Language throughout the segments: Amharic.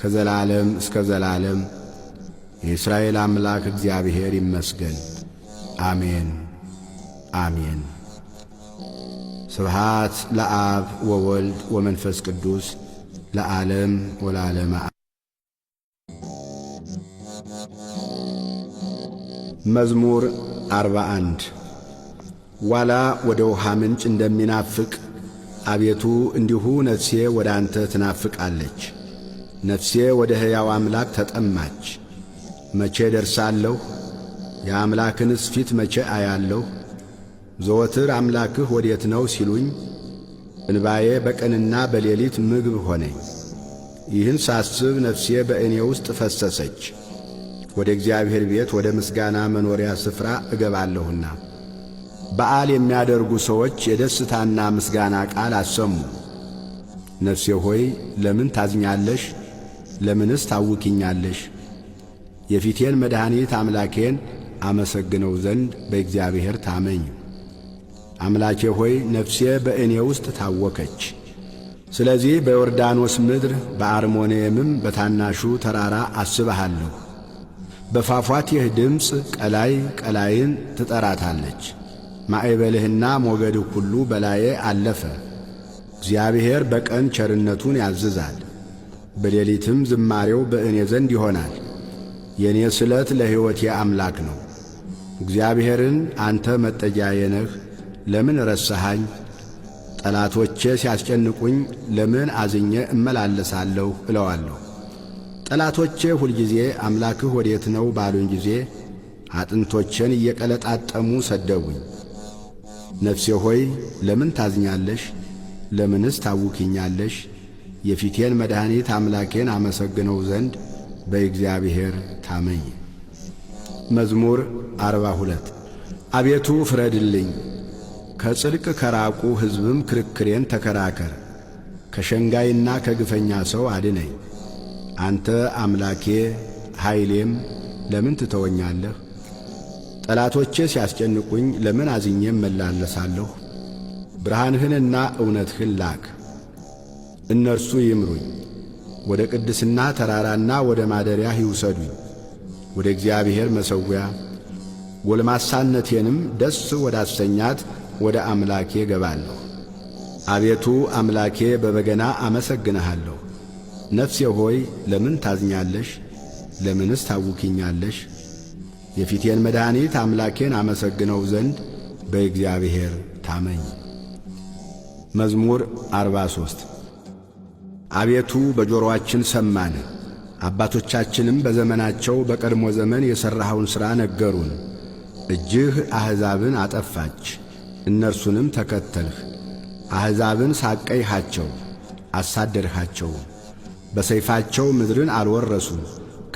ከዘላለም እስከ ዘላለም የእስራኤል አምላክ እግዚአብሔር ይመስገን። አሜን አሜን። ስብሃት ለአብ ወወልድ ወመንፈስ ቅዱስ ለዓለም ወላለም። መዝሙር 41 ዋላ ወደ ውሃ ምንጭ እንደሚናፍቅ አቤቱ እንዲሁ ነፍሴ ወደ አንተ ትናፍቃለች። ነፍሴ ወደ ሕያው አምላክ ተጠማች። መቼ ደርሳለሁ? የአምላክንስ ፊት መቼ አያለሁ? ዘወትር አምላክህ ወዴት ነው ሲሉኝ እንባዬ በቀንና በሌሊት ምግብ ሆነኝ። ይህን ሳስብ ነፍሴ በእኔ ውስጥ ፈሰሰች። ወደ እግዚአብሔር ቤት ወደ ምስጋና መኖሪያ ስፍራ እገባለሁና። በዓል የሚያደርጉ ሰዎች የደስታና ምስጋና ቃል አሰሙ። ነፍሴ ሆይ ለምን ታዝኛለሽ? ለምንስ ታውኪኛለሽ? የፊቴን መድኃኒት አምላኬን አመሰግነው ዘንድ በእግዚአብሔር ታመኝ። አምላኬ ሆይ ነፍሴ በእኔ ውስጥ ታወከች። ስለዚህ በዮርዳኖስ ምድር በአርሞንየምም በታናሹ ተራራ አስብሃለሁ። በፏፏቴህ ድምፅ ቀላይ ቀላይን ትጠራታለች። ማዕበልህና ሞገድህ ሁሉ በላዬ አለፈ። እግዚአብሔር በቀን ቸርነቱን ያዝዛል፣ በሌሊትም ዝማሬው በእኔ ዘንድ ይሆናል። የእኔ ስለት ለሕይወቴ አምላክ ነው። እግዚአብሔርን አንተ መጠጊያዬ ነህ፣ ለምን ረሳሃኝ? ጠላቶቼ ሲያስጨንቁኝ ለምን አዝኜ እመላለሳለሁ እለዋለሁ። ጠላቶቼ ሁልጊዜ አምላክህ ወዴት ነው ባሉኝ ጊዜ አጥንቶቼን እየቀለጣጠሙ ሰደቡኝ። ነፍሴ ሆይ ለምን ታዝኛለሽ? ለምንስ ታውኪኛለሽ? የፊቴን መድኃኒት አምላኬን አመሰግነው ዘንድ በእግዚአብሔር ታመኝ። መዝሙር 42 አቤቱ ፍረድልኝ፣ ከጽድቅ ከራቁ ሕዝብም ክርክሬን ተከራከር። ከሸንጋይና ከግፈኛ ሰው አድነኝ። አንተ አምላኬ ኃይሌም ለምን ትተወኛለህ? ጠላቶቼ ሲያስጨንቁኝ ለምን አዝኜም መላለሳለሁ? ብርሃንህንና እውነትህን ላክ እነርሱ ይምሩኝ፣ ወደ ቅድስና ተራራና ወደ ማደሪያህ ይውሰዱኝ፣ ወደ እግዚአብሔር መሠዊያ ጎልማሳነቴንም ደስ ወዳሰኛት ወደ አምላኬ ገባለሁ። አቤቱ አምላኬ በበገና አመሰግንሃለሁ። ነፍሴ ሆይ ለምን ታዝኛለሽ? ለምንስ ታውኪኛለሽ? የፊቴን መድኃኒት አምላኬን አመሰግነው ዘንድ በእግዚአብሔር ታመኝ። መዝሙር 43 አቤቱ በጆሮአችን ሰማን፣ አባቶቻችንም በዘመናቸው በቀድሞ ዘመን የሠራኸውን ሥራ ነገሩን። እጅህ አሕዛብን አጠፋች፣ እነርሱንም ተከተልህ። አሕዛብን ሳቀይሃቸው፣ አሳደድሃቸው። በሰይፋቸው ምድርን አልወረሱ፣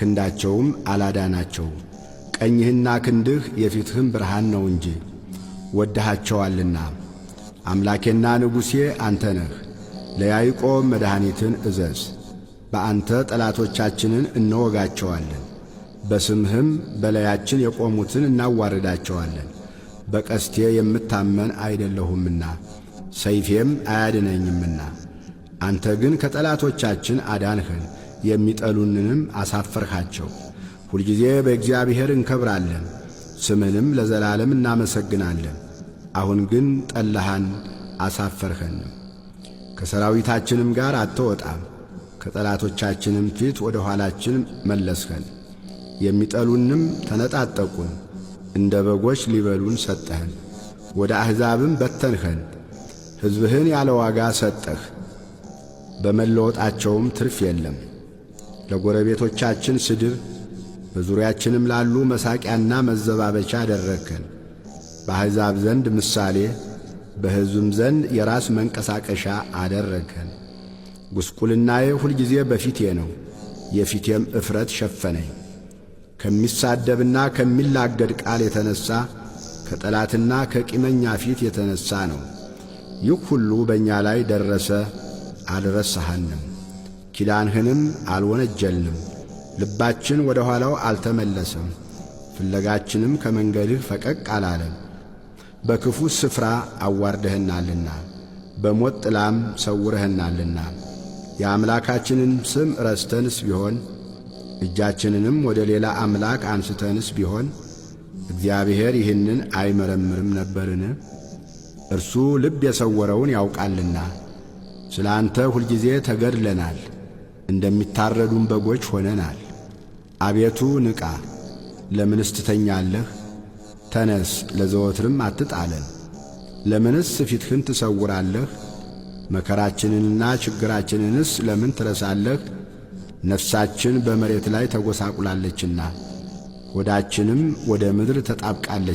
ክንዳቸውም አላዳናቸው። ቀኝህና ክንድህ የፊትህም ብርሃን ነው እንጂ ወድሃቸዋልና። አምላኬና ንጉሴ አንተ ነህ። ለያዕቆብ መድኃኒትን እዘዝ። በአንተ ጠላቶቻችንን እንወጋቸዋለን፣ በስምህም በላያችን የቆሙትን እናዋርዳቸዋለን። በቀስቴ የምታመን አይደለሁምና ሰይፌም አያድነኝምና፣ አንተ ግን ከጠላቶቻችን አዳንህን፣ የሚጠሉንንም አሳፈርሃቸው። ሁልጊዜ በእግዚአብሔር እንከብራለን፣ ስምህንም ለዘላለም እናመሰግናለን። አሁን ግን ጠላሃን አሳፈርኸንም። ከሰራዊታችንም ጋር አትወጣም፣ ከጠላቶቻችንም ፊት ወደ ኋላችን መለስኸን። የሚጠሉንም ተነጣጠቁን፣ እንደ በጎች ሊበሉን ሰጠህን። ወደ አሕዛብም በተንኸን፣ ሕዝብህን ያለ ዋጋ ሰጠህ። በመለወጣቸውም ትርፍ የለም። ለጎረቤቶቻችን ስድብ፣ በዙሪያችንም ላሉ መሳቂያና መዘባበቻ አደረግከን። በአሕዛብ ዘንድ ምሳሌ በሕዝብም ዘንድ የራስ መንቀሳቀሻ አደረገን። ጉስቁልናዬ ሁልጊዜ በፊቴ ነው፣ የፊቴም እፍረት ሸፈነኝ። ከሚሳደብና ከሚላገድ ቃል የተነሣ ከጠላትና ከቂመኛ ፊት የተነሣ ነው። ይህ ሁሉ በእኛ ላይ ደረሰ፣ አልረሳሃንም፣ ኪዳንህንም አልወነጀልንም። ልባችን ወደ ኋላው አልተመለሰም፣ ፍለጋችንም ከመንገድህ ፈቀቅ አላለም። በክፉ ስፍራ አዋርደህናልና በሞት ጥላም ሰውረህናልና የአምላካችንን ስም ረስተንስ ቢሆን እጃችንንም ወደ ሌላ አምላክ አንስተንስ ቢሆን እግዚአብሔር ይህንን አይመረምርም ነበርን? እርሱ ልብ የሰወረውን ያውቃልና። ስለ አንተ ሁልጊዜ ተገድለናል፣ እንደሚታረዱም በጎች ሆነናል። አቤቱ ንቃ፣ ለምንስ ትተኛለህ? ተነስ፣ ለዘወትርም አትጣለን። ለምንስ ፊትህን ትሰውራለህ? መከራችንንና ችግራችንንስ ለምን ትረሳለህ? ነፍሳችን በመሬት ላይ ተጐሳቁላለችና ሆዳችንም ወደ ምድር ተጣብቃለች።